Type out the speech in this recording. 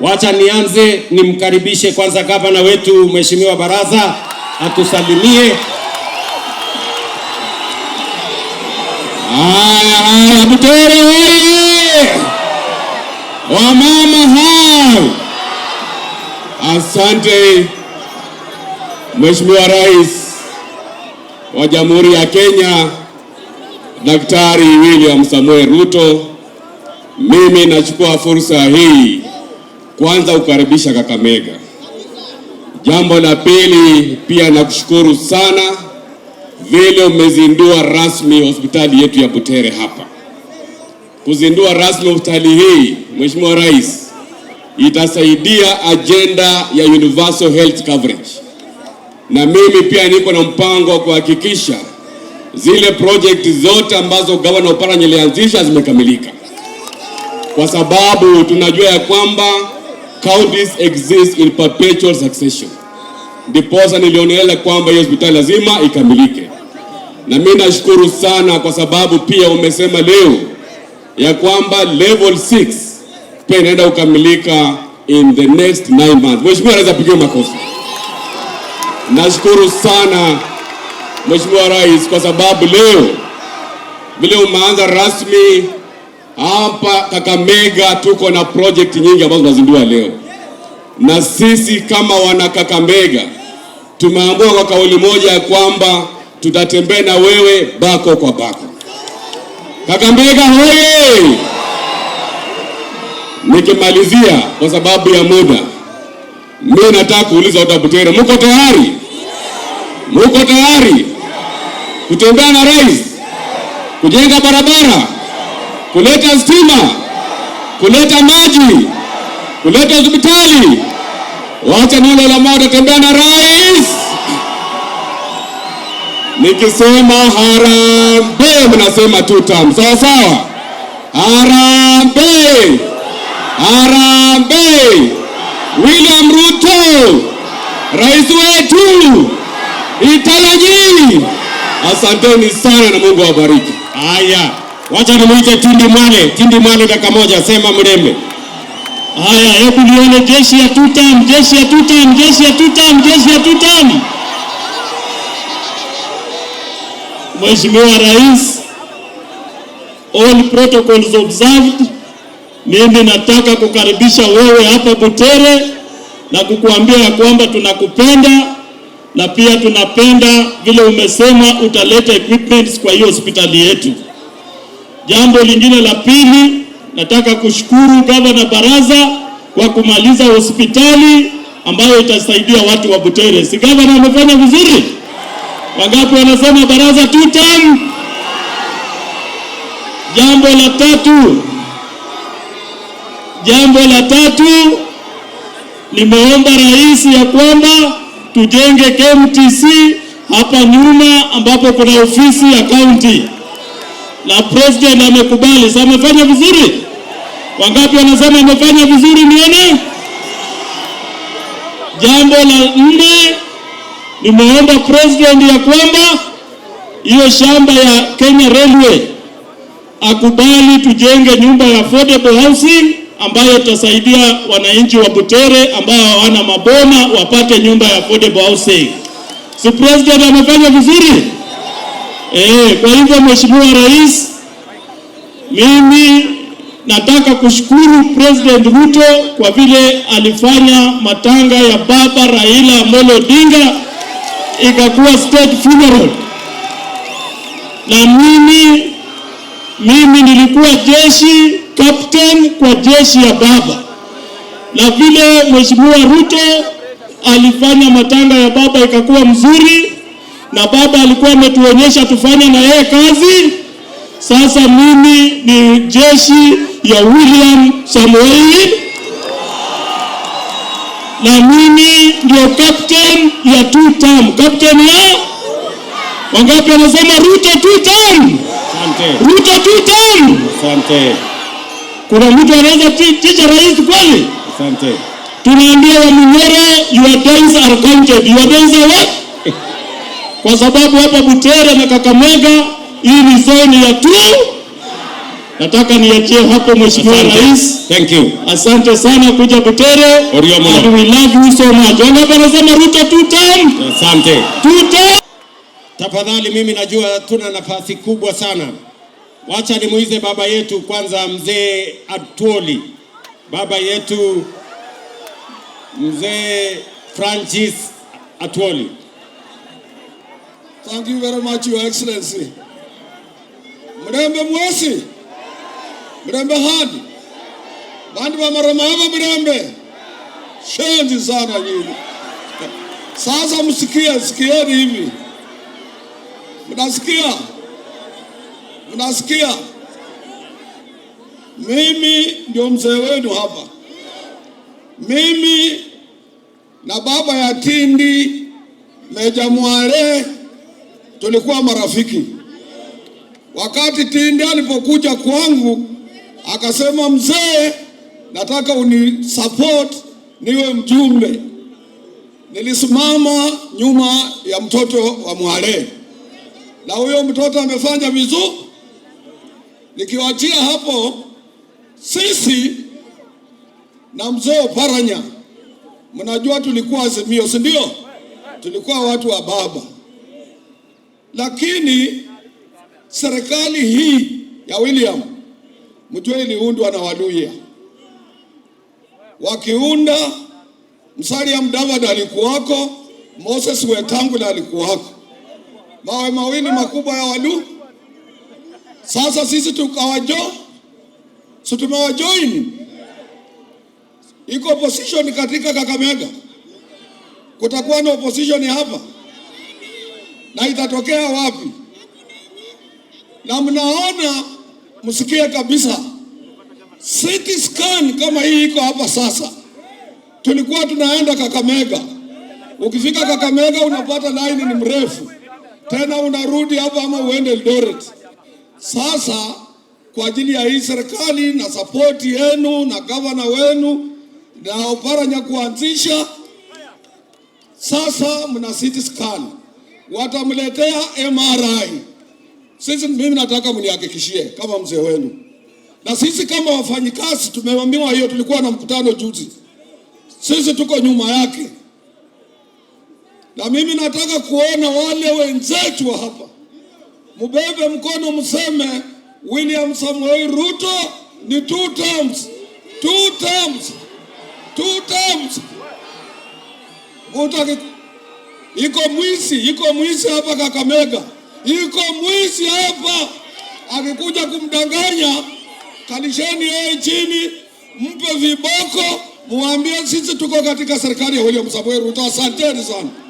Wacha nianze nimkaribishe kwanza gavana wetu Mheshimiwa Baraza atusalimie. Haya Butere wewe, wamama hao, asante Mheshimiwa Rais wa Jamhuri ya Kenya Daktari William Samuel Ruto, mimi nachukua fursa hii kwanza kukaribisha Kakamega. Jambo la pili, pia nakushukuru sana vile umezindua rasmi hospitali yetu ya Butere hapa. Kuzindua rasmi hospitali hii, Mheshimiwa Rais, itasaidia ajenda ya universal health coverage, na mimi pia niko na mpango wa kuhakikisha zile project zote ambazo gavana Oparanya alianzisha zimekamilika, kwa sababu tunajua ya kwamba counties exist in perpetual succession. Ndiposa nilionelea kwamba hiyo hospitali lazima ikamilike, na mimi nashukuru sana kwa sababu pia umesema leo ya kwamba level 6 pia inaenda kukamilika in the next 9 months. Mheshimiwa anaweza pigiwa makofi. Nashukuru sana Mheshimiwa Rais kwa sababu leo vile umeanza rasmi hapa Kakamega tuko na project nyingi ambazo tunazindua leo, na sisi kama wana Kakamega tumeamua kwa kauli moja ya kwamba tutatembea na wewe bako kwa bako. Kakamega hoye! Nikimalizia kwa sababu ya muda, mimi nataka kuuliza Watabutere, mko tayari? muko tayari kutembea na rais, kujenga barabara kuleta stima, kuleta maji, kuleta hospitali. Wacha nilo la moja, tembea na rais nikisema harambee, mnasema tutam, sawa sawa. Harambee, harambee! William Ruto rais wetu italaji asanteni sana na Mungu awabariki. Haya. Wacha nimuite Tindi Mwale, Tindi Mwale dakika moja, sema Mlembe. Haya, hebu nione jeshi ya tutam, jeshi ya tutam, jeshi ya tutam, jeshi ya tutam. Mheshimiwa Rais, all protocols observed. Mimi nataka kukaribisha wewe hapa Butere na kukuambia ya kwamba tunakupenda na pia tunapenda vile umesema utaleta equipments kwa hiyo hospitali yetu. Jambo lingine la pili, nataka kushukuru gavana Baraza kwa kumaliza hospitali ambayo itasaidia watu wa Butere. Si gavana amefanya vizuri? Wangapi wanasema Baraza tutam? Jambo la tatu, jambo la tatu, nimeomba rais ya kwamba tujenge KMTC hapa nyuma ambapo kuna ofisi ya kaunti la president amekubali, sasa amefanya vizuri. Wangapi wanasema amefanya vizuri? Nione. Jambo la nne, nimeomba president ya kwamba hiyo shamba ya Kenya Railway akubali tujenge nyumba ya affordable housing ambayo itasaidia wananchi wa Butere ambao hawana maboma wapate nyumba ya affordable housing. Si president amefanya vizuri. Eh, kwa hivyo Mheshimiwa Rais, mimi nataka kushukuru President Ruto kwa vile alifanya matanga ya baba Raila Amolo Odinga ikakuwa state funeral, na mimi mimi nilikuwa jeshi captain kwa jeshi ya baba, na vile Mheshimiwa Ruto alifanya matanga ya baba ikakuwa mzuri na baba alikuwa ametuonyesha tufanye na yeye kazi. Sasa mimi ni jeshi ya William Samoei na mimi ndio captain ya two term, captain ya wangapi? Anasema Ruto two term, Ruto two term. Asante. Kuna mtu anaweza ticha rais kweli? Asante. Tunaambia wa Munyoro, your days are counted. Your days are what? kwa sababu hapa Butere na Kakamega hii ni zoni ya tu. Nataka niachie hapo Mheshimiwa Rais. Thank you. Asante sana kuja Butere. And we love you so much. wanasema Ruto two time. Asante. Two time. Tafadhali, mimi najua tuna nafasi kubwa sana. Wacha nimuize baba yetu kwanza, mzee Atuoli. baba yetu mzee Francis Atuoli. Thank you very much, Your Excellency. Mrembe mwesi mrembe hadi bandu vamaramava mrembe shenzi sana nyinyi. Sasa msikie, sikieni hivi, mnasikia? Mnasikia? Mimi ndio mzee wenu hapa, mimi na baba ya Tindi Meja Mwale tulikuwa marafiki. Wakati Tindi alipokuja kwangu, akasema mzee, nataka unisupport niwe mjumbe. Nilisimama nyuma ya mtoto wa Mwale, na huyo mtoto amefanya vizuri. Nikiwachia hapo sisi na mzee Oparanya, mnajua tulikuwa Azimio, si ndio? Tulikuwa watu wa baba lakini serikali hii ya William Mtwee iliundwa na Waluya, wakiunda Musalia Mudavadi alikuwako, Moses Wetangula alikuwako, mawe mawili makubwa ya Walu. Sasa sisi tukawajo si tumewajoin, iko opposition katika Kakamega, kutakuwa na opposition hapa na itatokea wapi? Na mnaona, msikie kabisa, city scan kama hii iko hapa sasa. Tulikuwa tunaenda Kakamega, ukifika Kakamega unapata laini ni mrefu, tena unarudi hapa ama uende Eldoret. Sasa kwa ajili ya hii serikali na sapoti yenu na gavana wenu na Oparanya kuanzisha sasa mna city scan watamletea MRI. Sisi mimi nataka mnihakikishie kama mzee wenu, na sisi kama wafanyikazi tumeambiwa hiyo. Tulikuwa na mkutano juzi, sisi tuko nyuma yake, na mimi nataka kuona wale wenzetu hapa, mubebe mkono, mseme William Samoei Ruto ni two terms, two terms, two terms iko mwizi, iko mwizi hapa Kakamega, iko mwizi hapa akikuja kumdanganya, kalisheni yeye chini, mpe viboko, muambie sisi tuko katika serikali ya William Samoei Ruto. Asanteni sana.